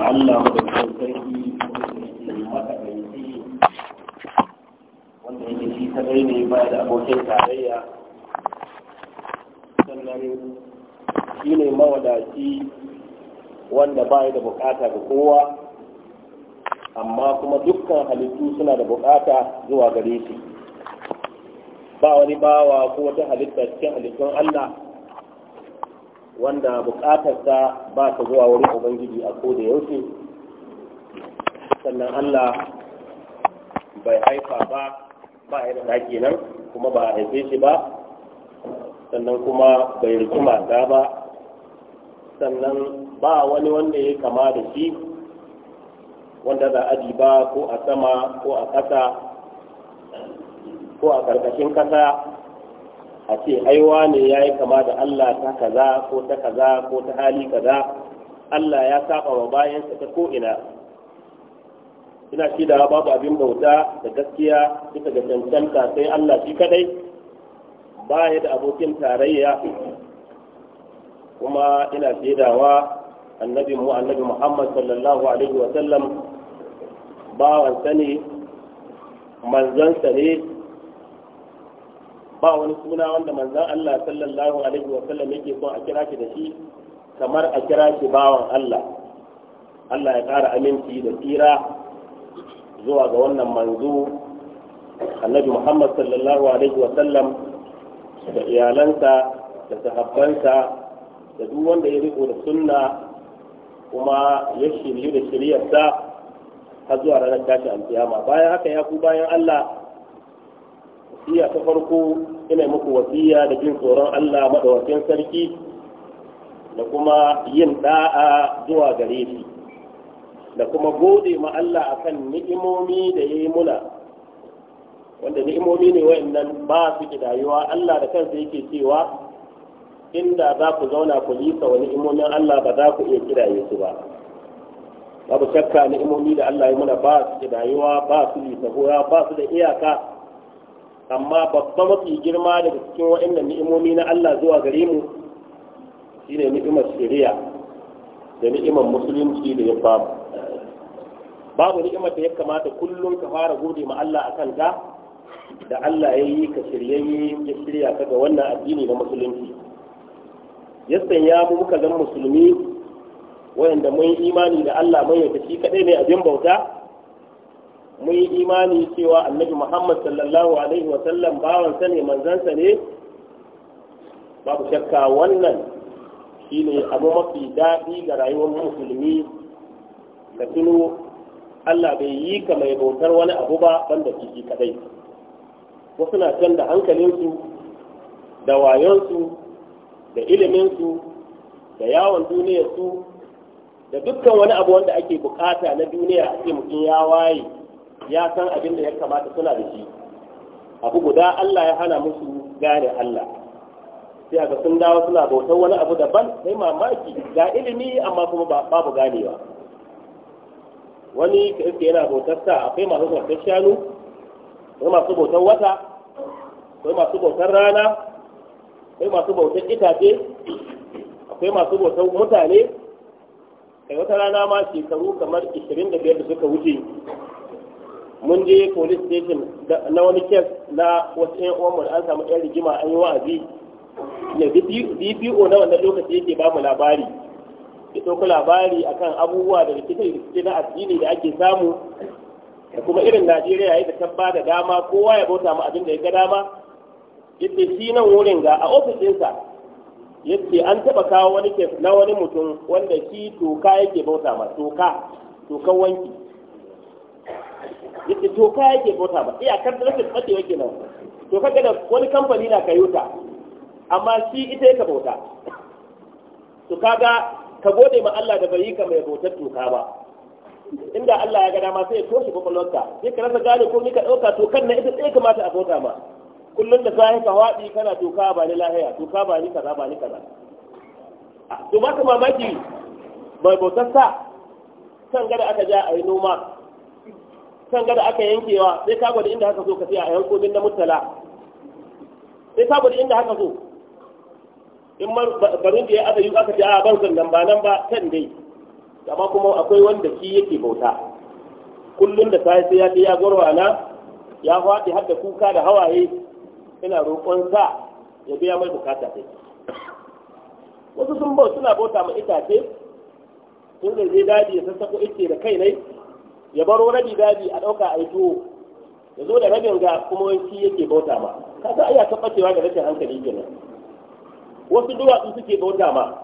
ga Allah da sarki wanda yake shi ta ne ba da abokin tarayya sannan shi ne mawadaci wanda ba da bukata ga kowa amma kuma dukkan halittu suna da bukata zuwa gare shi ba wani bawa ko wata halitta cikin halittun Allah wanda bukatarsa ba ta zuwa wurin ubangiji a koda yaushe sannan allah bai haifa ba ba ya da daki nan kuma ba a haife shi ba sannan kuma bai riki mata ba sannan ba wani wanda ya kama da shi wanda za a ba ko a sama ko a ƙasa ko a ƙarƙashin ƙasa a ce aiwa ne ya yi kama da Allah ta kaza ko ta kaza ko ta hali kaza Allah ya saba wa bayansa ta ko'ina ina shi da babu abin bauta da gaskiya bisa ga cancanta sai Allah shi kadai ya da abokin tarayya kuma ina shaidawa annabi mu annabi Muhammad sallallahu alaihi bawansa ne manzansa ne ba wani suna wanda manzan Allah sallallahu alaihi wa sallam yake son a kira shi da shi kamar a kira shi bawan Allah Allah ya ƙara aminci da tsira zuwa ga wannan manzo annabi Muhammad sallallahu alaihi wa sallam da iyalansa da sahabbansa da duk wanda ya riko da sunna kuma ya shiryu da shiryarsa har zuwa ranar tashi alkiyama bayan haka ya ku bayan Allah wasiya ta farko ina muku wasiya da jin tsoron Allah madawacin sarki da kuma yin da'a zuwa gare shi da kuma gode ma Allah akan ni'imomi da ya yi muna wanda ni'imomi ne waannan ba su kidayuwa Allah da kansa yake cewa inda za ku zauna ku lisa wa ni'imomin Allah ba za ku iya kidaye su ba babu shakka ni'imomi da Allah ya muna ba su kidayuwa ba su lisa ba su da iyaka amma babba mafi girma daga cikin waɗannan ni'imomi na Allah zuwa gare mu shine ni'imar shari'a da ni'imar musulunci da ya bamu babu ni'imar da ya kamata kullum ka fara gode ma Allah akan ta da Allah ya yi ka shiryayye ya shirya ka ga wannan addini na musulunci ya sanya mu muka zama musulmi wayanda mun imani da Allah mun yarda shi kadai ne abin bauta mu yi imani cewa annabi muhammad sallallahu alaihi wasallam bawansa ne manzansa ne babu shakka wannan shine abu mafi daɗi ga rayuwar musulmi ka tuno allah bai yi ka mai bautar wani abu ba banda shi kadai wasu na can da hankalinsu da wayonsu da iliminsu da yawon duniyarsu da dukkan wani abu wanda ake bukata na duniya a ce mutum ya waye ya san abin da ya kamata suna da shi abu guda Allah ya hana musu gane Allah sai ga sun dawo suna bautar wani abu daban sai mamaki ga ilimi amma kuma babu ganewa wani kirki yana bautar sa akwai masu bautar shanu akwai masu bautar wata akwai masu bautar rana akwai masu bautar itace akwai masu bautar mutane kai wata rana ma shekaru kamar 25 da suka wuce mun je police station na wani kes na wasu ƴan uwanmu da an samu 'yan rigima an yi wa'azi ne dpo na wannan lokaci yake ba mu labari ya ɗauki labari akan abubuwa da rikice-rikice na addini da ake samu da kuma irin najeriya ya ta ba da dama kowa ya bauta mu abin da ya ga dama yace shi nan wurin ga a ofisinsa yace an taba kawo wani kes na wani mutum wanda shi toka yake bauta ma toka tokan wanki yadda toka yake bauta ba iya da rashin ɓace yake nan to kaga da wani kamfani na kayo ta amma shi ita yake bauta to kaga ka gode ma Allah da bai yi ka mai bautar toka ba inda Allah ya ga dama sai ya toshe kwakwalwarka sai ka rasa gane ko ni ka ɗauka to kan na ita tsaye kamata a bauta ma kullum da sai ka wadi kana toka ba ni lahiya toka ba ni kaza ba ni kaza to ba ka mamaki mai bautar sa kan gada aka ja a yi noma kan gada aka yankewa sai ka gwada inda haka so ka a yanko na mutala sai ka gwada inda haka so in ma garin da ya aka yi aka ce a ah, ban sannan ba nan ba kan dai amma kuma akwai wanda shi yake bauta kullum da sai sai ya ce ya gwarwa na ya faɗi har da kuka da hawaye ina roƙon sa ya biya mai bukata sai wasu sun bauta suna bauta ma itace sun zai daji ya sassako ice da kai ne. ya baro rabi babi a ɗauka a tuwo ya zo da rabin ga kuma wanki yake bauta ma kaga ai ya tabbacewa da rashin hankali kenan wasu duwatsu suke bauta ma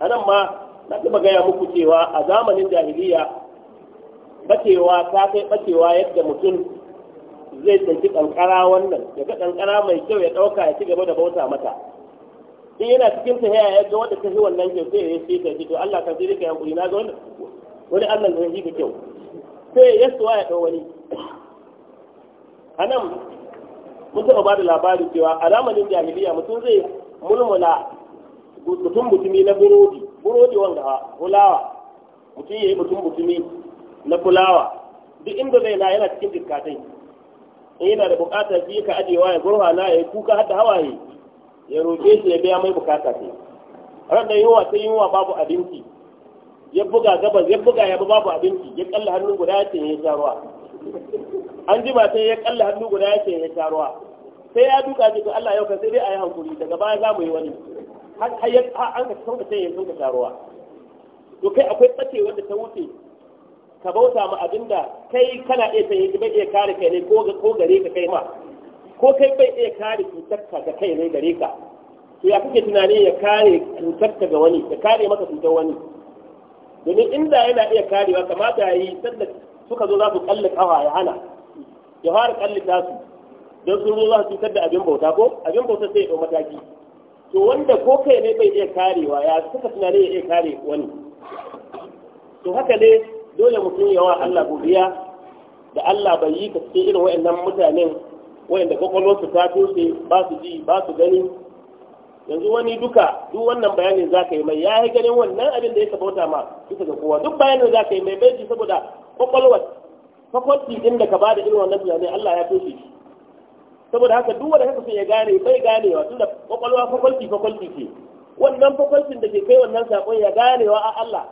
a nan ma na taɓa gaya muku cewa a zamanin jahiliya bacewa ta kai bacewa yadda mutum zai tsinci kankara wannan ya ga kankara mai kyau ya ɗauka ya ci gaba da bauta mata in yana cikin ta ya ga wanda ta yi wannan kyau sai ya yi sai ta to Allah kan zai rika yankuri na ga wani Allah zai yi kyau sai ya suwa ya ɗau wani a nan mun taɓa ba da labari cewa a zamanin jahiliya mutum zai mulmula mutum mutumi na burodi burodi wanda fulawa mutum ya yi mutum mutumi na fulawa duk inda zai na yana cikin jikatai in yana da bukatar ji ka ajewa ya gurfa na ya yi kuka har da hawaye ya roƙe shi ya biya mai bukata ce ran da yunwa sai yunwa babu abinci ya buga gabas ya buga ya babu abinci ya kalla hannu guda ya ce ya sha ruwa an ji ba sai ya kalla hannu guda ya ce ya sha ruwa sai ya duka ji Allah yau kan sai dai a yi hankuri daga baya za mu yi wani har an ka sauka sai ya sauka sha ruwa to kai akwai tsace wanda ta wuce ka bauta ma abinda kai kana iya sanya bai iya kare kai ne ko gare ka kai ma ko kai bai iya kare cutarka da kai ne gare ka to ya kake tunani ya kare cutarka ga wani ya kare maka cutar wani domin inda yana iya karewa kamata ya yi sanda suka zo za su kalli kawa ya hana ya fara kalli su don sun zo za su da abin bauta ko abin bauta sai ya mataki to wanda ko kai ne bai iya karewa ya suka tunani ya iya kare wani to haka ne dole mutum yawa Allah godiya da Allah bai yi ka cikin irin waɗannan mutanen waɗanda kwakwalwarsu ta toshe ba su ji ba su gani yanzu wani duka duk wannan bayanin za ka yi mai ya yi ganin wannan abin da ya sabauta ma duka ga kowa duk bayanin za ka yi mai bai saboda kwakwalwar fakwalci din da ka ba da irin wannan tunanin Allah ya toshe shi saboda haka duk wanda haka so ya gane bai ganewa tunda kwakwalwa fakwalci fakwalci ce wannan fakwalcin da ke kai wannan sakon ya ganewa a Allah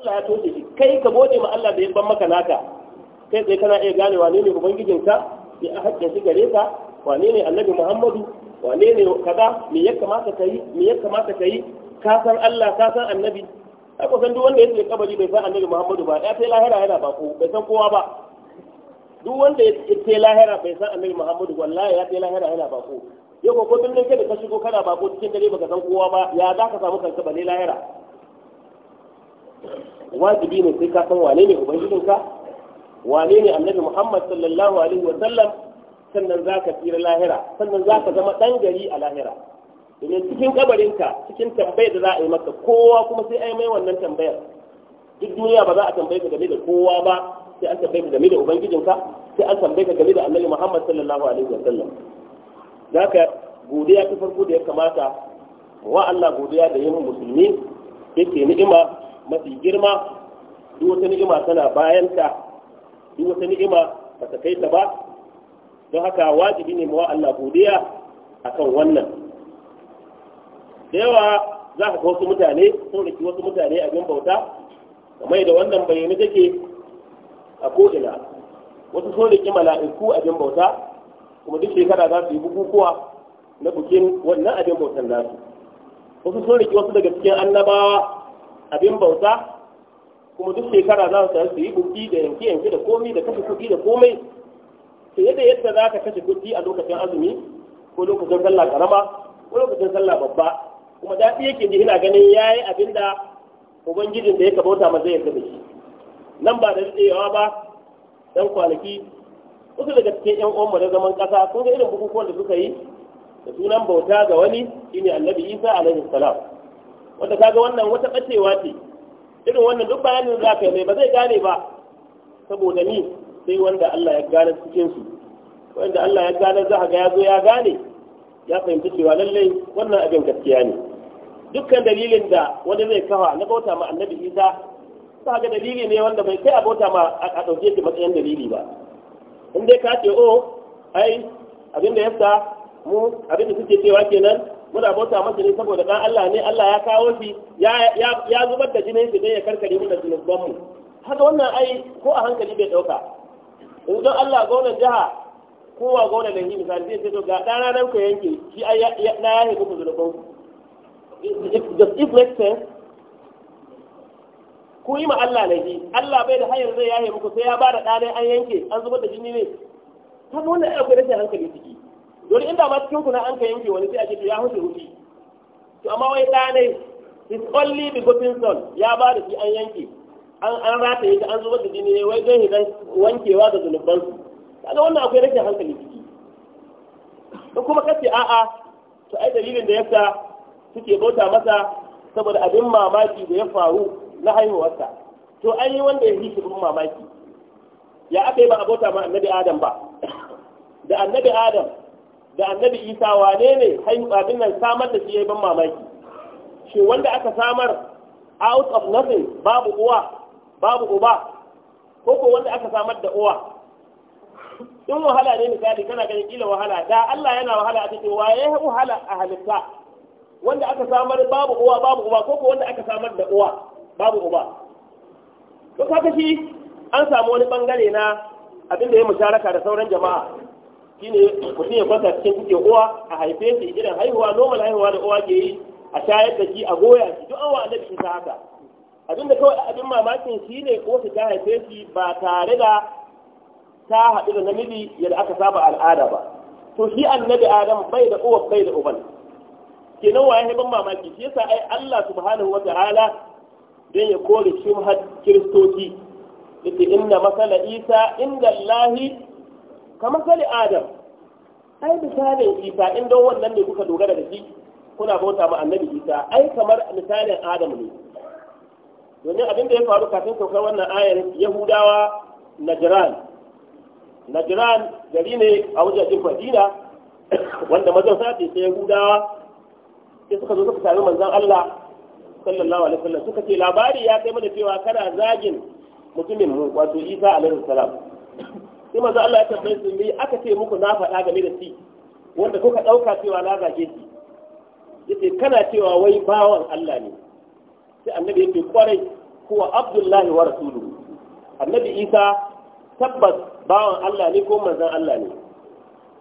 Allah ya toshe shi kai ka gode ma Allah da ya ban maka naka kai tsaye kana iya ganewa ne ne ubangijinka ya haƙƙin shi gare ka wane ne annabi Muhammadu wane ne kaza me ya kamata ka yi me ya kamata ka yi ka san Allah ka san annabi ai ko san duk wanda yake kabari bai san annabi Muhammadu ba ya sai lahira yana bako bai san kowa ba duk wanda yake lahira bai san annabi Muhammadu wallahi ya sai lahira yana bako yau ko kodin ne da ka shigo kana bako cikin dare baka san kowa ba ya za ka samu kanka ne lahira wajibi ne sai ka san wane ne ubangijinka wane ne annabi Muhammad sallallahu alaihi wa sallam sannan za ka tsira lahira sannan za ka zama ɗan gari a lahira domin cikin kabarinka cikin tambayar da za a yi maka kowa kuma sai ai mai wannan tambayar duk duniya ba za a tambaye ka game da kowa ba sai an tambaye ka game da ubangijinka sai an tambaye ka game da annabi Muhammad sallallahu alaihi wasallam zaka godiya ta farko da ya kamata wa Allah godiya da yin musulmi yake ni'ima mafi girma duk wata ni'ima tana bayanta duk wata ni'ima ba ta kai ta ba don haka wajibi ne mawa Allah godiya kan wannan da yawa za ka ga wasu mutane sun riki wasu mutane abin bauta kuma da wannan bayani take a ko'ina wasu sun riki mala'iku abin bauta kuma duk shekara za su yi bukukuwa na bukin wannan abin bautan nasu wasu sun riki wasu daga cikin annabawa abin bauta kuma duk shekara za su yi buki da yanke yanke da komai da kafa kuɗi da komai yadda da yadda za ka kashe kuɗi a lokacin azumi ko lokacin sallah karama ko lokacin sallah babba kuma daɗi yake ke jihina ganin ya yi abin da ubangijin da ya kabauta ma zai yarda da shi nan ba da daɗewa ba dan kwanaki wasu daga cikin yan uwanmu na zaman ƙasa kun ga irin bukukuwan da suka yi da sunan bauta ga wani shine annabi isa alaihi salam wanda kaga wannan wata ɓacewa ce irin wannan duk bayanin za ka yi mai ba zai gane ba saboda ni sai wanda Allah ya gane cikin su wanda Allah ya gane za a ga ya zo ya gane ya fahimci cewa lallai wannan abin gaskiya ne dukkan dalilin da wani zai kawa na bauta ma annabi isa za ga dalili ne wanda bai kai a bauta ma a ɗauke shi matsayin dalili ba in dai ka ce o ai abin da yasa mu abin da suke cewa kenan muna bauta masa ne saboda dan Allah ne Allah ya kawo shi ya zubar da jinin shi dai ya karkare mu da zunuban mu haka wannan ai ko a hankali bai ɗauka. yanzu don Allah gwamnan jiha kowa gwamnan da yi misali zai ce to ga ɗana nan ku yanke shi na yahe muku zunuban does it make sense ku yi ma Allah laifi Allah bai da hanyar zai yahe muku sai ya ba da ɗana an yanke an zubar da jini ne ta wannan akwai rashin hankali ciki don inda ma cikin ku na an ka yanke wani sai a ce ya huce huci to amma wai his only begotten son ya ba da shi an yanke an rata rataye ta an zubar da jini ne wai don hidan wankewa da zunubansu kaga wannan akwai rashin hankali ciki in kuma kace a'a to ai dalilin da yasa suke bauta masa saboda abin mamaki da ya faru na haihuwarsa to an yi wanda ya yi shi mamaki ya aka yi ba a bauta ma annabi adam ba da annabi adam da annabi isa wane ne abin nan samar da shi ya yi ban mamaki shi wanda aka samar out of nothing babu uwa babu uba ko ko wanda aka samar da uwa in wahala ne misali kana ganin kila wahala da Allah yana wahala a cikin waye wahala a halitta wanda aka samar babu uwa babu uba ko ko wanda aka samar da uwa babu uba to kaga shi an samu wani bangare na abinda ya musharaka da sauran jama'a shine mutum ya kwanta cikin kuke uwa a haife shi irin haihuwa normal haihuwa da uwa ke yi a shayar da shi a goya shi duk an wa annabi ta haka abinda kawai abin mamakin shi ne ko su ta haife shi ba tare da ta haɗu da namiji yadda aka saba al'ada ba to shi annabi adam bai da uwa bai da uban kenan waye ban mamaki shi yasa ai Allah subhanahu wata'ala dan ya kore shubhat kiristoci yace inna masala isa inda ka masali adam ai misalin isa in don wannan ne kuka dogara da shi kuna bauta ma annabi isa ai kamar misalin adam ne domin abin da ya faru kafin saukar wannan ayar yahudawa najran najran gari ne a wajajen Fadina. wanda mazan sati sai yahudawa sai suka zo suka sami manzan Allah sallallahu alaihi wasallam suka ce labari ya kai mana cewa kana zagin mutumin mu wato Isa alaihi salam sai manzan Allah ya tambaye su me aka ce muku na faɗa game da shi wanda kuka ɗauka cewa na zage shi yace kana cewa wai bawan Allah ne sai annabi yake kwarai kuwa abdullahi wa rasulu annabi isa tabbas bawan allah ne ko manzan allah ne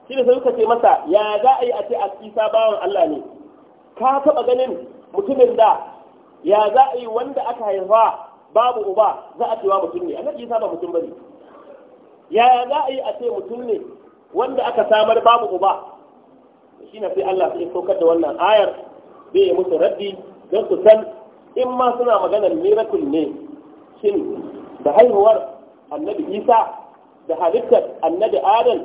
shi da suka ce masa ya za a yi a ce a isa bawan allah ne ka taba ganin mutumin da ya za a yi wanda aka haifa babu uba za a cewa mutum ne annabi isa ba mutum bane ya za a yi a ce mutum ne wanda aka samar babu uba shi na sai allah sai saukar da wannan ayar zai yi musu raddi don su san in ma suna maganar miracle ne shin da haihuwar annabi isa da halittar annabi adam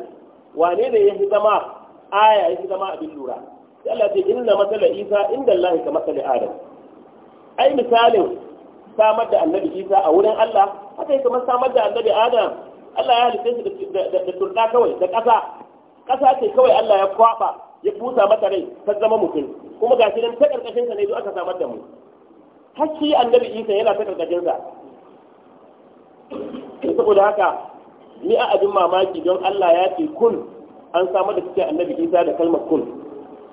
wane da ya fi zama aya ya fi zama abin lura sai Allah ce inna masala isa inda Allah ka masala adam ai misalin samar da annabi isa a wurin Allah haka yake samar da annabi adam Allah ya halitta shi da turda kawai da ƙasa ƙasa ce kawai Allah ya kwaba ya busa mata rai ta zama mutum kuma gashi nan ta ƙarƙashin ka ne duk aka samar da mu hakki annabi isa yana ta karkashin sa saboda haka ni a abin mamaki don Allah ya ce kun an samar da cikin annabi isa da kalmar kun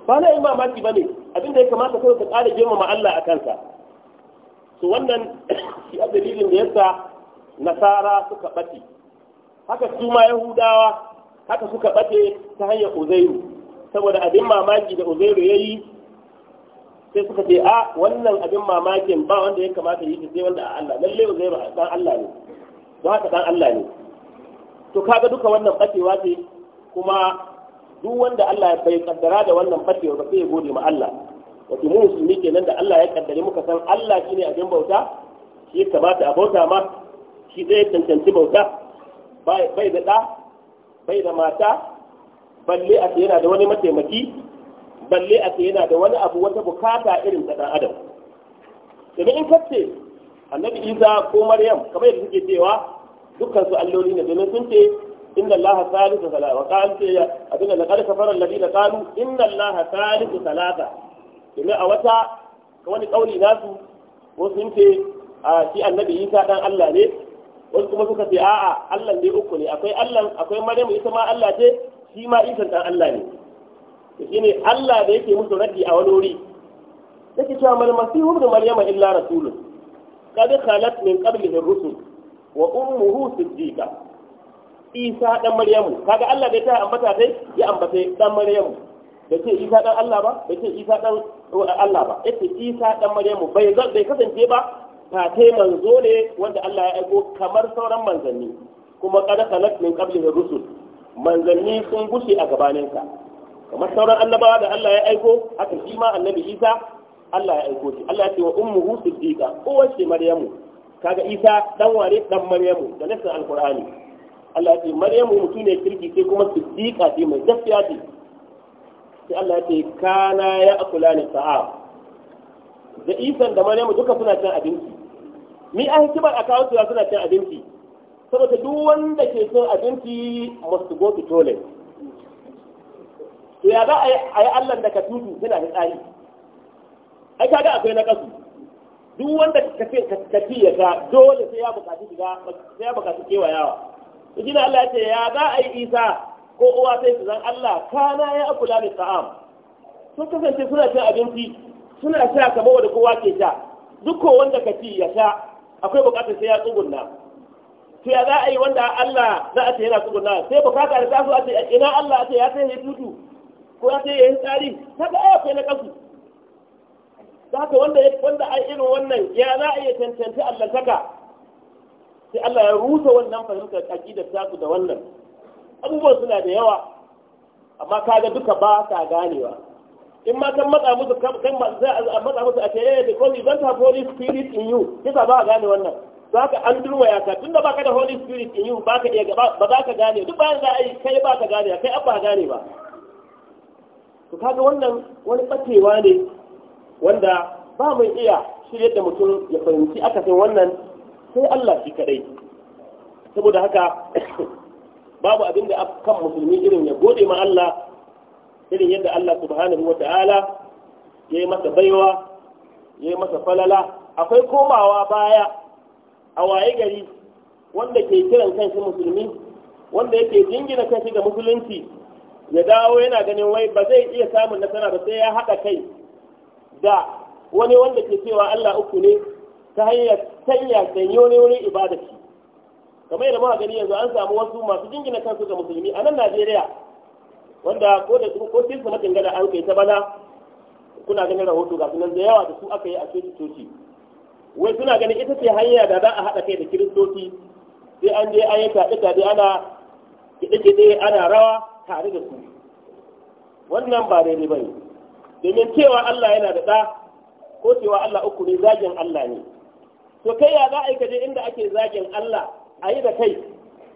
ba na yin mamaki ba ne abin ya kamata kawai ka ƙara girmama Allah a kansa to wannan shi a dalilin da yasa nasara suka ɓace haka su ma yahudawa haka suka ɓace ta hanyar uzairu saboda abin mamaki da uzairu ya yi sai suka ce a wannan abin mamakin ba wanda ya kamata yi sai wanda a Allah lalle ba zai ba dan Allah ne ba haka dan Allah ne to kaga duka wannan fatewa ce kuma duk wanda Allah ya bai kaddara da wannan fatewa ba sai ya gode ma Allah wato mu musulmi kenan da Allah ya kaddare muka san Allah shine abin bauta shi kamata a bauta ma shi zai cancanci bauta bai da da bai da mata balle a yana da wani mataimaki balle a ce yana da wani abu wata bukata irin ta dan adam domin in kace annabi isa ko maryam kamar yadda suke cewa dukkan su alloli ne domin sun ce inna allah salisu salata wa qala ce abinda laqad kafara alladina qalu inna allah salisu salata domin a wata wani kauli nasu ko sun ce a shi annabi isa dan allah ne wasu kuma suka ce a'a allah ne uku ne akwai allah akwai maryam ita ma allah ce shi ma isa dan allah ne shine Allah da yake musu raddi a wani wuri yake cewa mal masihu ibn maryama illa rasul qad khalat min qablihi ar-rusul wa ummuhu siddiqa isa dan maryamu kaga Allah da ta ambata sai ya ambata dan maryamu da ce isa dan Allah ba da ce isa dan Allah ba yace isa dan maryamu bai bai kasance ba ta kai manzo ne wanda Allah ya aiko kamar sauran manzanni kuma qad khalat min qablihi ar-rusul manzanni sun gushe a gabaninka kamar sauran annabawa da Allah ya aiko haka shi ma annabi Isa Allah ya aiko shi Allah ya ce wa ummuhu siddiqa uwar shi Maryamu kaga Isa dan ware dan Maryamu da nasin alqur'ani Allah ya ce Maryamu mutune kirki sai kuma siddiqa sai mai gaskiya ce sai Allah ya ce kana ya akulani sa'a da Isa da Maryamu duka suna cin abinci mi a hikimar a kawo suna cin abinci saboda duk wanda ke cin abinci must go to toilet to ya za a yi allan da ka tutu yana da tsari ai kaga akwai na kasu duk wanda ka ce ka ya ga dole sai ya bukaci shiga sai ya bukaci kewayawa to shi Allah ya ce ya za a yi Isa ko uwa sai su zan Allah kana ya akula da ta'am sun kasance suna cin abinci suna sha kamar wanda kowa ke sha duk wanda ka ci ya sha akwai bukatar sai ya tsugunna to ya za a yi wanda Allah za a ce yana tsugunna sai bukatar da taso a ce ina Allah a ce ya sai ya tutu. ko ya sai ya yi tsari kaga ai akwai na kasu haka wanda wanda ai irin wannan ya za a iya tantance Allah saka sai Allah ya rusa wannan fahimtar aqidar ku da wannan abubuwan suna da yawa amma kaga duka ba ta ganewa in ma kan matsa musu kan matsa musu a ce eh because you don't have holy spirit in you kisa ba gane wannan za ka an durwaya ka tunda ba ka da holy spirit in you ba ka iya ba za ka gane duk bayan za a yi kai ba ka gane kai an ba gane ba to kaga wannan wani batewa ne wanda ba mai iya shirya da mutum ya fahimci akasin wannan sai Allah shi kadai saboda haka babu abin da kan musulmi irin ya gode ma Allah irin yadda Allah subhanahu wa ta'ala ya yi masa baiwa ya yi masa falala akwai komawa baya a waye gari wanda ke kiran kanshi musulmi wanda yake jingina kanshi ga musulunci ya dawo yana ganin wai ba zai iya samun nasara ba sai ya haɗa kai da wani wanda ke cewa Allah uku ne ta hanyar sanya sanyo ne wani ibadaci kamar yadda muka gani yanzu an samu wasu masu jingina kansu ga musulmi a nan Najeriya wanda ko da ko sai su matin gada an kai ta bana kuna ganin rahoto ga sunan da yawa da su aka yi a cikin coci wai suna ganin ita ce hanya da za a haɗa kai da kiristoci sai an je an yi kaɗe ana kiɗe-kiɗe ana rawa tare da su wannan ba daidai ba ne domin cewa Allah yana da ɗa ko cewa Allah uku ne zagin Allah ne to kai ya za a yi kaje inda ake zagin Allah a yi da kai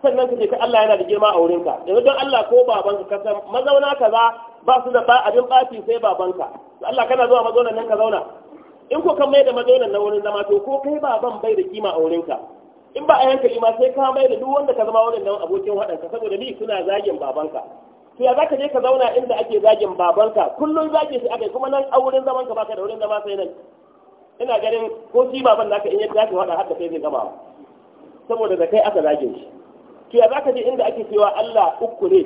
sannan kaje ka Allah yana da girma a wurinka yanzu don Allah ko babanka ka san mazauna kaza ba su da ba abin ɓaci sai babanka Allah kana zuwa mazaunan nan ka zauna in ko kan mai da mazaunan na wurin zama to ko kai baban bai da kima a wurinka in ba a yanka ima sai ka mai da duk wanda ka zama wannan abokin waɗanka saboda ni suna zagin babanka to ya zaka je ka zauna inda ake zagin babanka kullum zage shi akai kuma nan a wurin zaman ka baka da wurin zama sai nan ina ganin ko shi baban naka in ya tashi wada har da kai zai gama saboda da kai aka zage shi to ya zaka je inda ake cewa Allah uku ne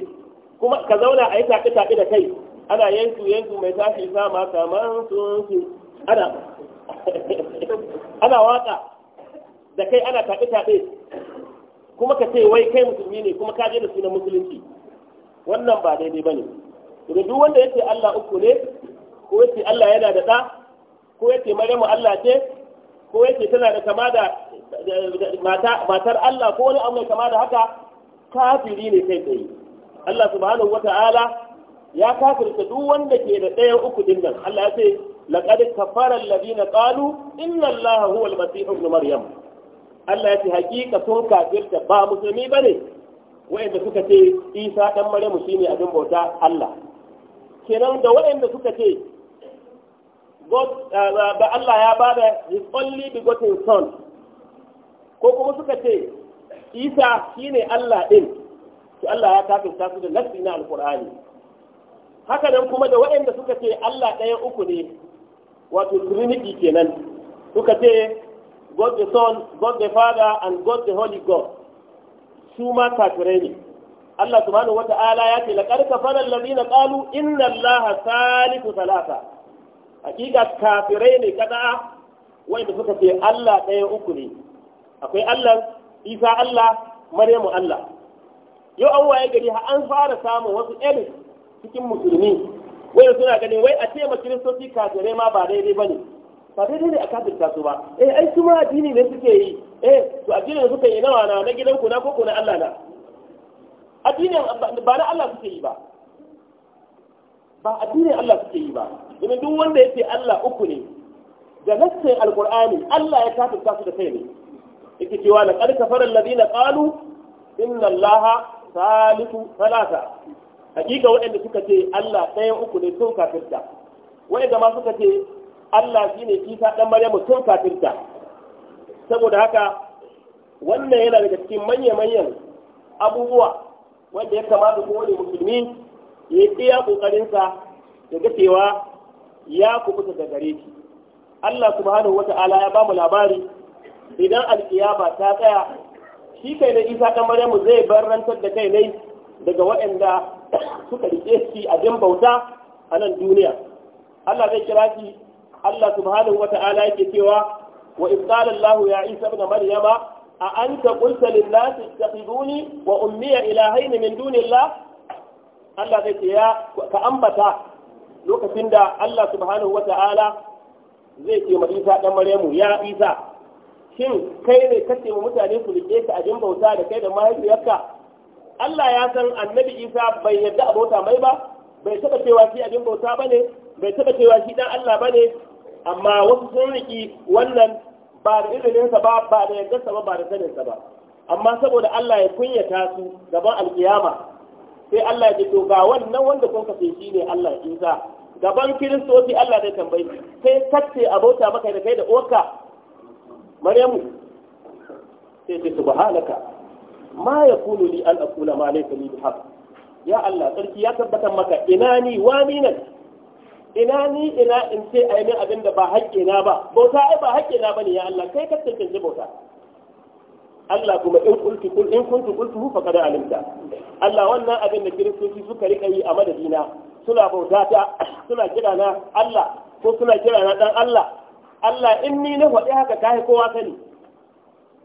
kuma ka zauna a yi tafi tafi da kai ana yanzu yanzu mai tashi sama kamar sun ana ana waka da kai ana taɓe taɓe kuma ka ce wai kai musulmi ne kuma ka je da sunan musulunci wannan ba daidai ba ne daga duk wanda yace Allah uku ne ko yace Allah yana da ɗa ko yace Maryamu Allah ce ko yace tana da kama da matar Allah ko wani mai kama da haka kafiri ne kai tsaye Allah subhanahu wata'ala ya kafirta duk wanda ke da ɗayan uku din nan Allah ya ce laqad kafara alladhina qalu inna allaha huwa al-masih ibn maryam Allah ya ce hakika sun kafirta ba musulmi ba ne waɗanda suka ce isa ɗan maryamu shine abin bauta Allah kenan da waɗanda suka ce eh, ba Allah ya ba da his only begotten son ko kuma suka ce isa shine Allah ɗin to Allah ya kafirta su da nassi na al haka nan kuma da waɗanda suka ce Allah ɗaya uku ne wato trinity kenan suka ce God the Son, God the Father, and God the Holy God. suma kafire ne. Allah subhanahu wa ta'ala ya ce, laƙar kafarar lalina ƙalu inna Allah salisu talata. Hakika kafirai ne kada wanda suka ce Allah ɗaya uku ne. Akwai Allah, Isa Allah, Maryamu Allah. Yau an waye gari ha an fara samun wasu elis cikin musulmi. Wai suna ganin wai a ce ma kiristoci kafirai ma ba daidai ba ne. ba daidai ne a kafirta su ba eh ai su ma addini ne suke yi eh to addinin da suka yi nawa na na gidan ku na koko na Allah na addinin ba na Allah suke yi ba ba addinin Allah suke yi ba domin duk wanda yake Allah uku ne da nassin alqur'ani Allah ya kafirta su da kai ne yake cewa la qad kafara alladhina qalu inna allaha salisu salasa hakika waɗanda suka ce Allah ɗaya uku ne sun kafirta waɗanda ma suka ce Allah shi ne isa ɗan maryamu sun kafirta saboda haka wannan yana daga cikin manya-manyan abubuwa wanda ya kamata kowane musulmi ya yi iya ƙoƙarinsa daga cewa ya kubuta da gare shi Allah subhanahu wa ta'ala ya ba mu labari idan alkiyama ta tsaya shi kai da isa ɗan maryamu zai bar rantar da kai ne daga waɗanda suka riƙe shi a jin bauta a nan duniya Allah zai kira shi Allah subhanahu ta'ala yake cewa wa ibtala Allah ya Isa ibn Maryama a anta qulta lin nas ittakhiduni wa ummiya ilahayn min dunillah Allah zai ce ya ka ambata lokacin da Allah subhanahu ta'ala zai ce ma Isa dan Maryamu ya Isa shin kai ne kace mu mutane su rike ka abin bauta da kai da mahaifiyarka Allah ya san annabi Isa bai yarda abota mai ba bai taba cewa shi abin bauta bane bai taba cewa shi dan Allah bane amma wasu sun riki wannan ba da izininsa ba ba da yardarsa ba ba da saninsa ba amma saboda Allah ya kunyata su gaban alkiyama sai Allah ya ce to ga wannan wanda kun kace shi ne Allah Isa gaban kiristoci Allah zai tambayi sai kace abota maka da kai da oka Maryamu sai ce subhanaka ma yakunu li an aqula ma laysa li bihaq ya Allah sarki ya tabbatar maka ina ni wa minan ina ni ina in ce a min abin da ba na ba bauta ai ba na ba ne ya Allah kai ka cancanci bauta Allah kuma in kulti kul in kuntu kultu fa kada alimta Allah wannan abin da kiristoci suka rika yi a madadina suna bauta ta suna kira na Allah ko suna kira na dan Allah Allah in ni na faɗi haka kai kowa sani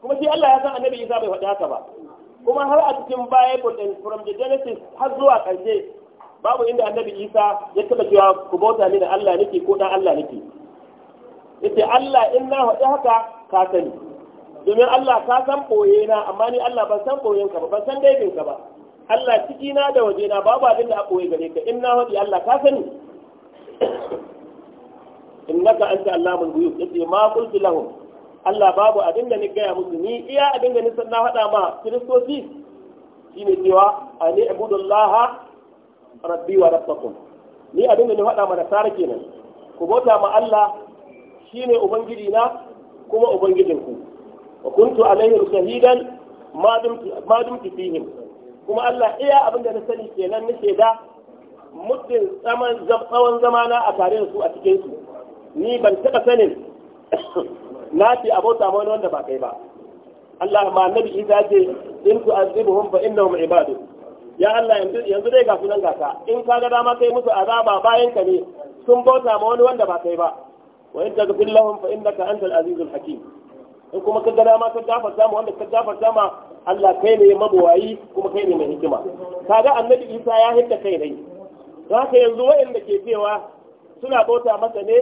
kuma shi Allah ya san annabi Isa bai faɗi haka ba kuma har a cikin Bible din from the Genesis har zuwa ƙarshe babu inda annabi isa ya taba cewa ku bauta ni da allah nake ko dan allah nake yace allah in na haɗe haka ka sani domin allah ka san boye na amma ni allah ban san boyen ka ba ban san daidin ka ba allah ciki na da waje na babu abin da a ɓoye gare ka in na faɗi allah ka sani innaka anta allamul ghuyub yace ma qultu lahum allah babu abin da ni gaya musu ni iya abin da ni san na faɗa ma kiristoci shine cewa ani ibudullaha rabbi wa rabbakum ni abin da na faɗa mana nasara kenan ku bauta ma Allah shine ubangiji na kuma ku wa kuntu alaihim shahidan ma dumtu fihim kuma Allah iya abin da na sani kenan ke da muddin tsawon zamana a tare da su a cikin su ni ban taɓa sanin na ce abota ma wani wanda ba kai ba Allah ma nabi Isa ce in tu'azibuhum fa innahum ibadu ya Allah yanzu dai ga sunan gasa in ka ga dama kai musu azaba bayan ka ne sun bauta ma wani wanda ba kai ba wa in taghfir lahun fa ka antal azizul hakim in kuma ka ga dama ka gafarta ma wanda ka gafarta ma Allah kai ne mabuwayi kuma kai ne mai hikima ka ga annabi Isa ya hidda kai dai za ka yanzu wa'inda ke cewa suna bauta masa ne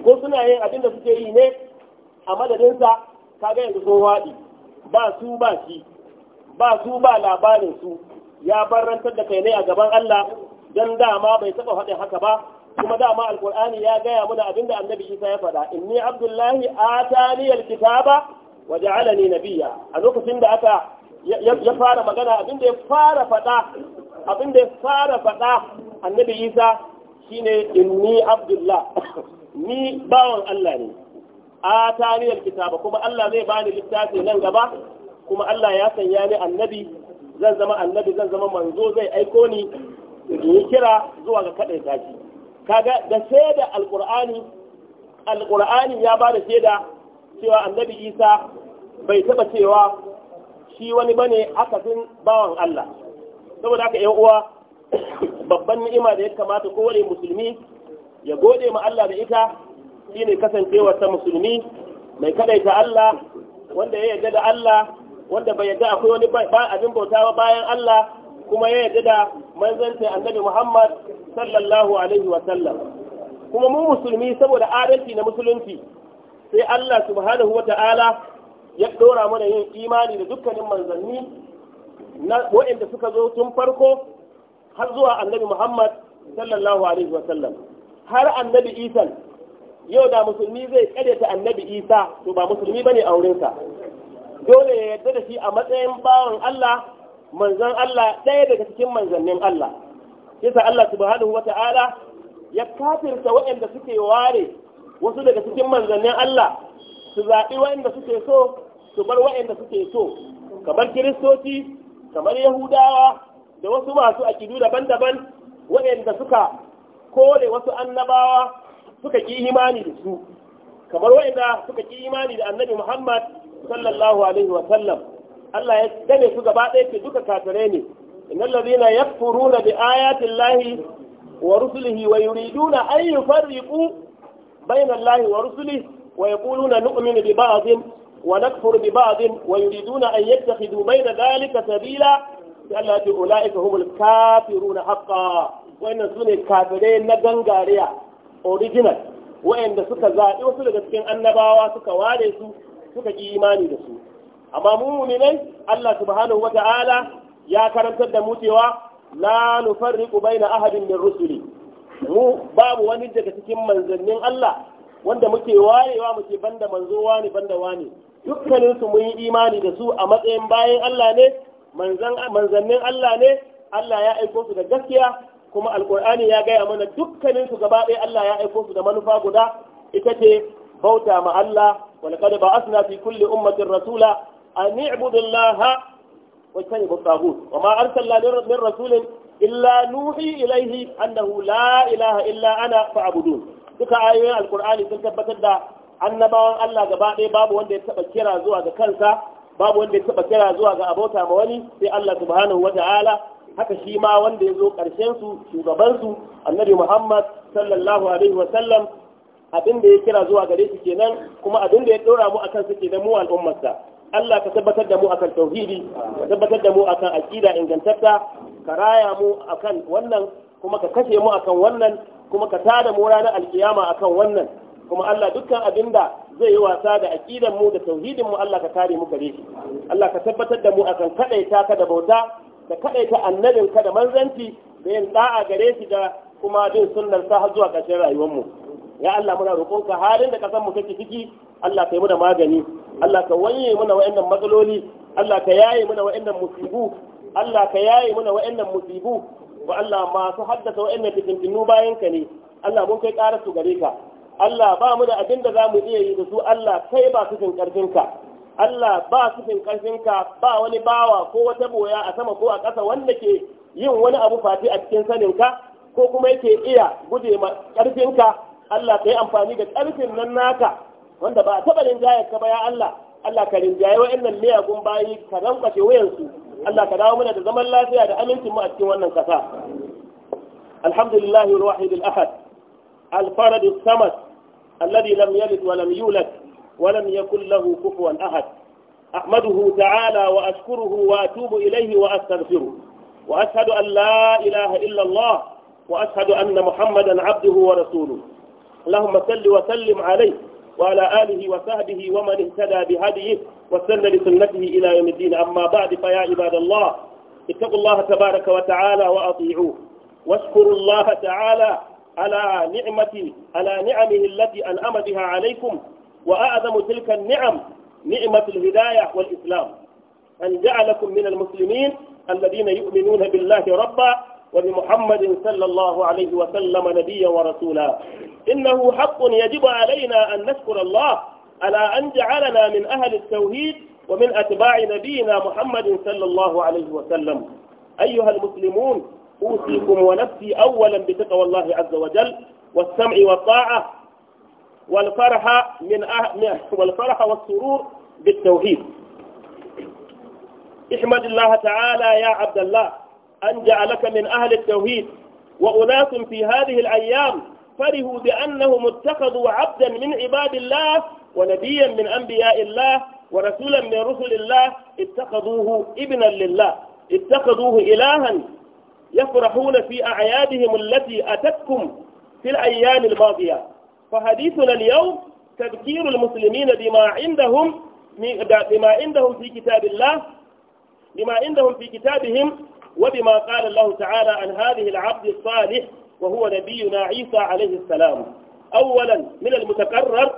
ko suna yin abin da suke yi ne a madadinsa ka ga yanzu sun waɗi ba su ba shi ba su ba labarin su ya barantar da kai ne a gaban Allah dan dama bai taba faɗin haka ba kuma dama alqur'ani ya gaya mana abinda annabi Isa ya faɗa inni abdullahi atani alkitaba wa ja'alani nabiyya a lokacin da aka ya fara magana abinda ya fara faɗa abinda ya fara faɗa annabi Isa shine inni abdullah ni bawan Allah ne atani alkitaba kuma Allah zai bani littafi nan gaba kuma Allah ya sanya ni annabi zan zama annabi zan zama manzo zai aiko ni yi kira zuwa ga kaɗai tashi kaga da shaida alqur'ani alqur'ani ya ba da shaida cewa annabi isa bai taɓa cewa shi wani bane akasin bawan Allah saboda haka yan uwa babban ni'ima da ya kamata kowane musulmi ya gode ma Allah da ita shine kasancewa ta musulmi mai kaɗaita Allah wanda ya yarda da Allah wanda bai yadda akwai wani abin bautawa bayan Allah kuma ya yadda da manzanta annabi Muhammad sallallahu alaihi wa sallam kuma mu musulmi saboda adalci na musulunci sai Allah subhanahu wa ta'ala ya dora mana yin imani da dukkanin manzanni na waɗanda suka zo tun farko har zuwa annabi Muhammad sallallahu alaihi wa sallam har annabi Isa yau da musulmi zai ta annabi Isa to ba musulmi bane a wurinsa dole ya yarda da shi a matsayin bawan Allah manzon Allah ɗaya daga cikin manzannin Allah yasa Allah subhanahu wata'ala ya kafirta waɗanda suke ware wasu daga cikin manzannin Allah su zaɓi waɗanda suke so su bar waɗanda suke so kamar kiristoci kamar yahudawa da wasu masu akidu daban-daban waɗanda suka kore wasu annabawa suka ƙi imani da su kamar waɗanda suka ƙi imani da annabi muhammad sallallahu alaihi wa sallam Allah ya gane su gaba ɗaya ke duka kafirai ne innal ladina yakfuruna bi ayati llahi wa rusulihi wa yuriduna an yufarriqu bayna llahi wa rusulihi wa yaquluna nu'minu bi ba'dhin wa nakfuru bi ba'dhin wa yuriduna an yattakhidhu bayna dhalika sabila Allah ya ulaika humul kafiruna haqqan wayannan sune kafirai na gangariya original wayanda suka zaɓi wasu daga cikin annabawa suka ware su suka ki imani da su amma mu mu'minai Allah subhanahu wata'ala ya karantar da mu cewa la nufarriqu baina ahadin min rusuli mu babu wani daga cikin manzannin Allah wanda muke wayewa muke banda manzo wani banda wani dukkanin su mun yi imani da su a matsayin bayan Allah ne manzan manzannin Allah ne Allah ya aiko su da gaskiya kuma alkur'ani ya gaya mana dukkanin su gaba ɗaya Allah ya aiko su da manufa guda ita ce bauta ma Allah ولقد بعثنا في كل أمة رسولا أن اعبدوا الله واجتنبوا الطاغوت وما أرسلنا من رسول إلا نوحي إليه أنه لا إله إلا أنا فاعبدون duka ayoyin alkur'ani sun tabbatar da annabawan Allah gaba ɗaya babu wanda ya taɓa kira zuwa ga kansa babu wanda ya taɓa kira zuwa ga abota ma wani sai Allah subhanahu wata'ala haka shi ma wanda ya zo ƙarshen su shugaban su annabi Muhammad sallallahu alaihi wa sallam abin da ya kira zuwa gare shi kenan kuma abin da ya dora mu akan su kenan mu al'ummarsa Allah ka tabbatar da mu akan tauhidi ka tabbatar da mu akan aqida ingantatta ka raya mu akan wannan kuma ka kashe mu akan wannan kuma ka tada mu ranar alkiyama akan wannan kuma Allah dukkan abin da zai yi wasa da aqidan mu da tauhidin mu Allah ka kare mu gare shi Allah ka tabbatar da mu akan kadaita ka da bauta ka kadaita annabin ka da manzanci da yin da'a gare shi da kuma bin sunnar sa har zuwa ƙarshen rayuwar mu ya Allah muna roƙonka halin da kasan mu kake ciki Allah ka yi muna magani Allah ka wanye muna wa'annan matsaloli Allah ka yaye muna wa'annan musibu Allah ka yaye muna wa'annan musibu wa Allah masu haddasa wa'annan fitintinu bayan ka ne Allah mun kai ƙara su gare ka Allah ba mu da abin da za mu iya yi da su Allah kai ba su fin ka Allah ba su fin ka ba wani bawa ko wata boya a sama ko a ƙasa wanda ke yin wani abu fati a cikin saninka ko kuma yake iya guje ma ka. Allah ka yi amfani da ƙarfin nan naka wanda ba a taɓa rinjayar ka ba ya Allah Allah ka rinjaye wa'annan miyagun bayi ka rankwace wayansu Allah ka dawo mana da zaman lafiya da amincin mu a cikin wannan ƙasa alhamdulillahi wahid al-ahad al-farad samad alladhi lam yalid wa lam yulad wa lam yakul lahu kufuwan ahad أحمده wa وأشكره وأتوب Wa وأستغفره وأشهد أن لا إله إلا الله وأشهد أن محمدا عبده ورسوله اللهم صل وسلم عليه وعلى آله وصحبه ومن اهتدى بهديه وسن لسنته إلى يوم الدين أما بعد فيا عباد الله اتقوا الله تبارك وتعالى وأطيعوه واشكروا الله تعالى على نعمة على نعمه التي أنعم بها عليكم وأعظم تلك النعم نعمة الهداية والإسلام أن جعلكم من المسلمين الذين يؤمنون بالله ربا وبمحمد صلى الله عليه وسلم نبيا ورسولا إنه حق يجب علينا أن نشكر الله على أن جعلنا من أهل التوحيد ومن أتباع نبينا محمد صلى الله عليه وسلم أيها المسلمون أوصيكم ونفسي أولا بتقوى الله عز وجل والسمع والطاعة والفرح من أه... والفرح والسرور بالتوحيد احمد الله تعالى يا عبد الله أن جعلك من أهل التوحيد وأناس في هذه الأيام فرحوا بأنهم اتخذوا عبدا من عباد الله ونبيا من أنبياء الله ورسولا من رسل الله اتخذوه ابنا لله اتخذوه إلها يفرحون في أعيادهم التي أتتكم في الأيام الماضية فحديثنا اليوم تذكير المسلمين بما عندهم بما عندهم في كتاب الله بما عندهم في كتابهم وبما قال الله تعالى عن هذه العبد الصالح وهو نبينا عيسى عليه السلام أولا من المتكرر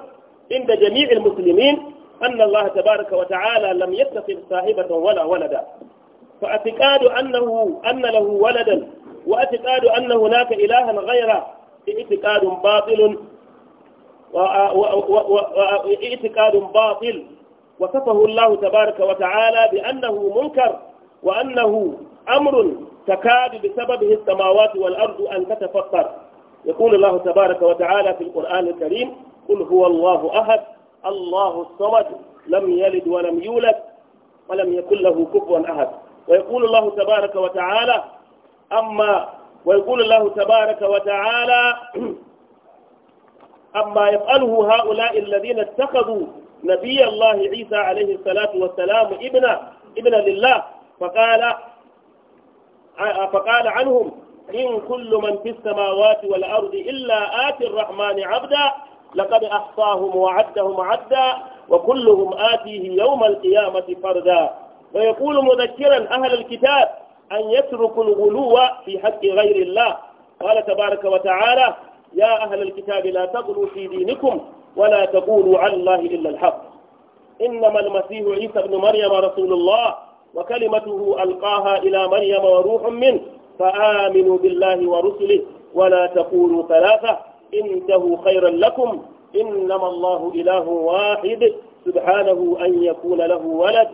عند جميع المسلمين أن الله تبارك وتعالى لم يتخذ صاحبة ولا ولدا فاعتقاد أنه أن له ولدا واعتقاد أن هناك إلها غيره اعتقاد باطل واعتقاد باطل وصفه الله تبارك وتعالى بأنه منكر وأنه أمر تكاد بسببه السماوات والأرض أن تتفطر يقول الله تبارك وتعالى في القرآن الكريم قل هو الله أحد الله الصمد لم يلد ولم يولد ولم يكن له كفوا أحد ويقول الله تبارك وتعالى أما ويقول الله تبارك وتعالى أما يفعله هؤلاء الذين اتخذوا نبي الله عيسى عليه الصلاة والسلام ابنا ابنا لله فقال آه، آه، فقال عنهم إن كل من في السماوات والأرض إلا آتي الرحمن عبدا لقد أحصاهم وعدهم عدا وكلهم آتيه يوم القيامة فردا ويقول مذكرا أهل الكتاب أن يتركوا الغلو في حق غير الله قال تبارك وتعالى يا أهل الكتاب لا تغلوا في دينكم ولا تقولوا على الله إلا الحق إنما المسيح عيسى بن مريم رسول الله وكلمته ألقاها إلى مريم وروح منه فآمنوا بالله ورسله ولا تقولوا ثلاثة انتهوا خيرا لكم إنما الله إله واحد سبحانه أن يكون له ولد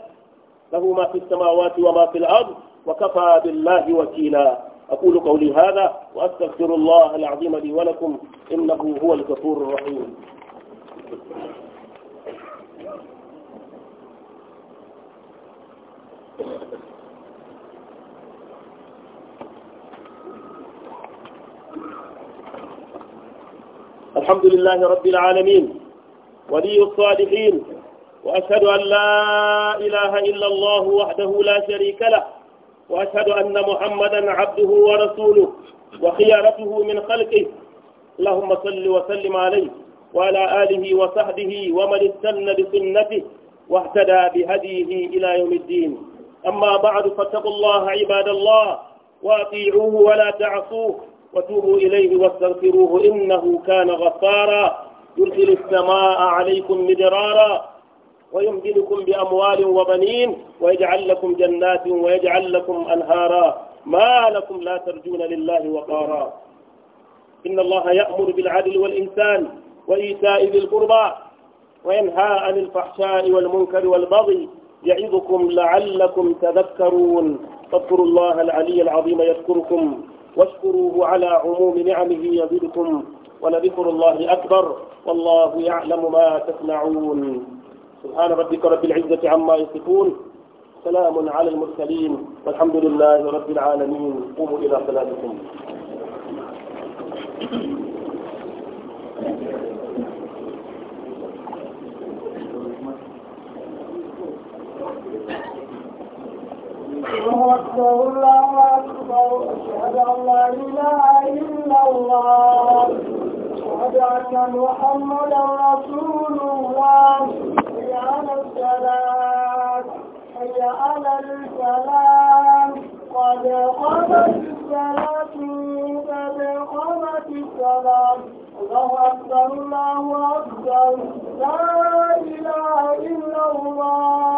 له ما في السماوات وما في الأرض وكفى بالله وكيلا أقول قولي هذا وأستغفر الله العظيم لي ولكم إنه هو الغفور الرحيم الحمد لله رب العالمين ولي الصالحين وأشهد أن لا إله إلا الله وحده لا شريك له وأشهد أن محمدا عبده ورسوله وخيارته من خلقه اللهم صل وسلم عليه وعلى آله وصحبه ومن استنى بسنته واهتدى بهديه إلى يوم الدين أما بعد فاتقوا الله عباد الله وأطيعوه ولا تعصوه وتوبوا إليه واستغفروه إنه كان غفارا يرسل السماء عليكم مدرارا ويمددكم بأموال وبنين ويجعل لكم جنات ويجعل لكم أنهارا ما لكم لا ترجون لله وقارا إن الله يأمر بالعدل والإنسان وإيتاء ذي القربى وينهى عن الفحشاء والمنكر والبغي يعظكم لعلكم تذكرون فاذكروا الله العلي العظيم يذكركم واشكروه على عموم نعمه يزدكم ولذكر الله أكبر والله يعلم ما تصنعون سبحان ربك رب العزة عما يصفون سلام على المرسلين والحمد لله رب العالمين قوموا إلى صلاتكم الله أكبر الله أكبر أشهد أن لا إله إلا الله أشهد أن رسول الله حي السلام حي السلام قد قضت الصلاة قد قضت الصلاة الله أكبر الله أكبر لا إله إلا الله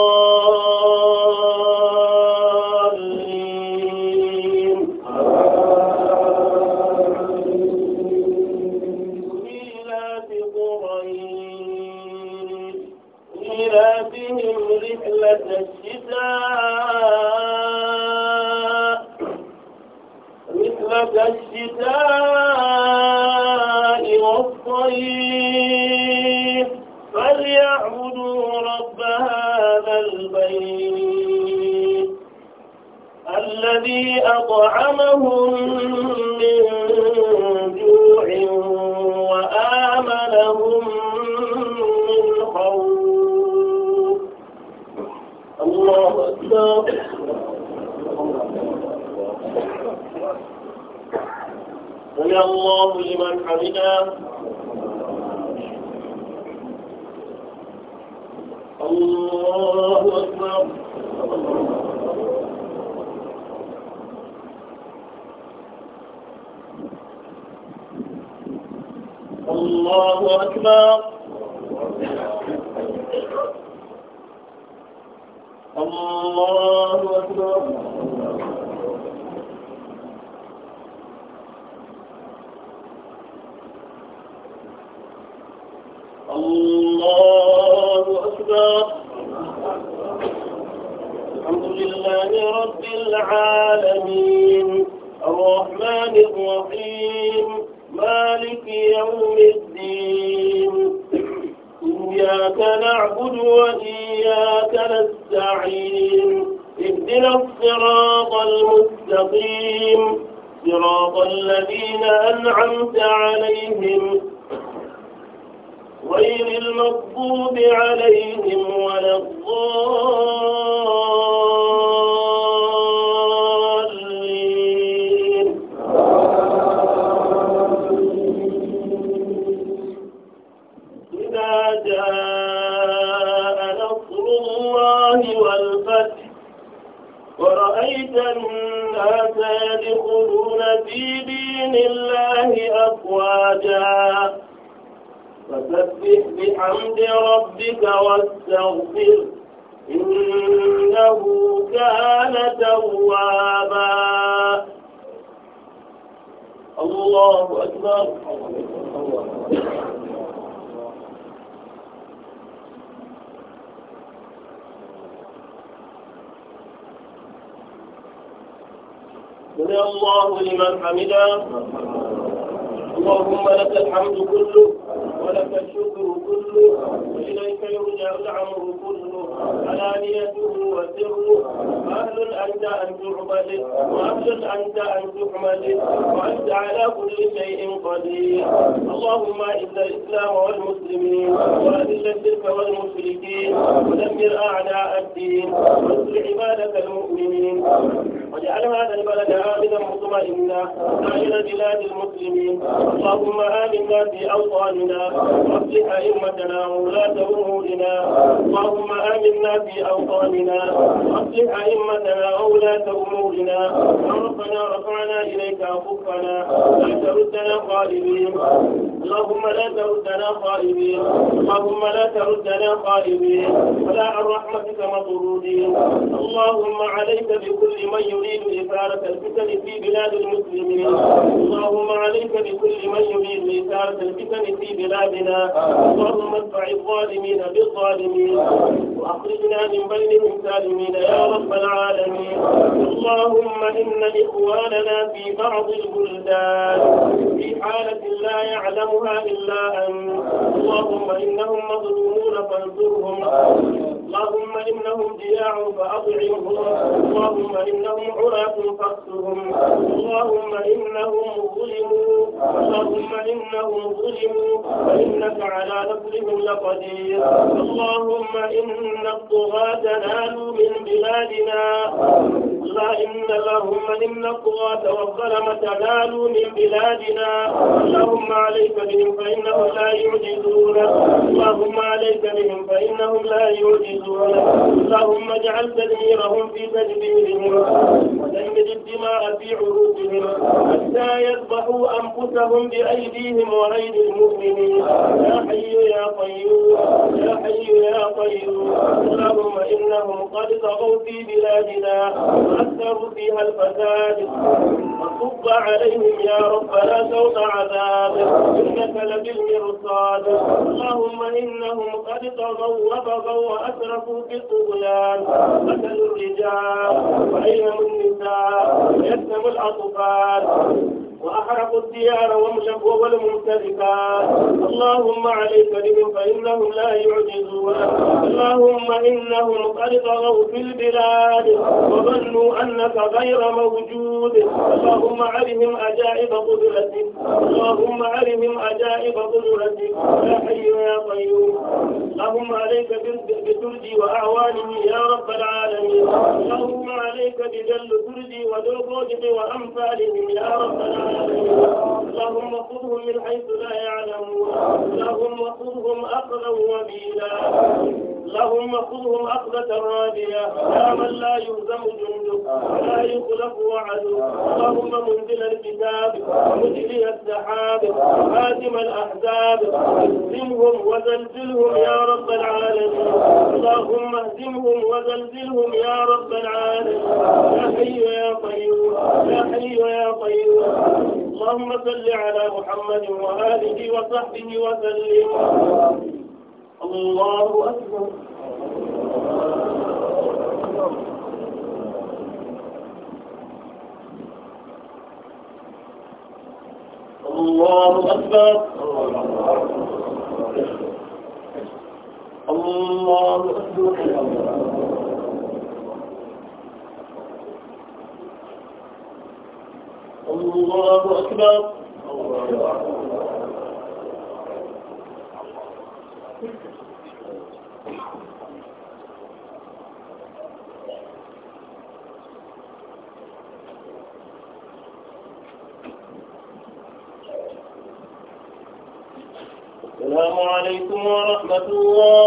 있어. سمع الله لمن حمده الله أكبر الله أكبر الله أكبر سمع الله لمن حمده اللهم لك الحمد كله ولك الشكر كله وإليك يرجع العمر كله علانيته وسره أهل أنت أن تعبد وأهل أنت أن تحمد وأنت على كل شيء قدير اللهم أعز الإسلام والمسلمين وأذل الشرك والمشركين ودمر أعداء الدين واصلح عبادك المؤمنين واجعل هذا البلد آمنا مطمئنا سائر بلاد المسلمين اللهم آمنا في أوطاننا واصلح أئمتنا وولاة أمورنا اللهم آمنا في أوطاننا واصلح أئمتنا وولاة أمورنا ربنا رفعنا إليك أخفنا لا تردنا خائبين اللهم لا تردنا خائبين اللهم لا تردنا خائبين ولا عن رحمتك مطرودين اللهم عليك بكل من يريد إثارة الفتن في بلاد المسلمين اللهم عليك بكل من يريد إثارة الفتن في بلادنا اللهم ادفع الظالمين بالظالمين وأخرجنا من بينهم سالمين يا رب العالمين اللهم إن إخواننا في بعض البلدان في حالة لا يعلمها إلا أنت اللهم إنهم مظلومون فانصرهم اللهم إنهم جياع فأطعمهم اللهم إنهم عراة فاقتلهم اللهم إنهم ظلموا اللهم إنهم ظلموا فإنك على نصرهم لقدير اللهم إن الطغاة نالوا من بلادنا لا إن اللهم إن الطغاة والظلمة نالوا من بلادنا اللهم عليك بهم فإنهم لا يعجزون اللهم عليك بهم فإنهم لا يعجزون اللهم اجعل تدميرهم في تدبيرهم يجد الدماء في عروقهم حتى يذبحوا انفسهم بايديهم وايدي المؤمنين يا حي يا قيوم يا حي يا قيوم اللهم انهم قد طغوا في بلادنا واكثروا فيها الفساد فصب عليهم يا رب لا سوط عذاب إنك لبالمرصاد اللهم إنهم قد طغوا وبغوا وأسرفوا في الطغيان قتلوا الرجال وعينهم النساء ويسلموا الأطفال وحرقوا الديار والممتلكات اللهم عليك بهم فإنهم لا يعجزون اللهم إنهم قد طغوا في البلاد وظنوا أنك غير موجود اللهم علهم أجائب قدرتك اللهم علهم أجائب قدرتك يا حي يا قيوم اللهم عليك بترجي وأعوانه يا رب العالمين اللهم عليك بجل ترجي وذو وأمثالهم يا رب العالمين اللهم خذهم من حيث لا يعلمون اللهم خذهم أخذا وبيلا اللهم خذهم أخذة رابية يا من لا يهزم جندك ولا يخلف وعدك اللهم منزل الكتاب ومجلي السحاب وخاتم الأحزاب اهزمهم وزلزلهم يا رب العالمين اللهم اهزمهم وزلزلهم يا رب العالمين يا حي يا قيوم يا حي يا قيوم اللهم صل على محمد وآله وصحبه وسلم الله أكبر الله أكبر الله أكبر الله أكبر السلام عليكم ورحمة الله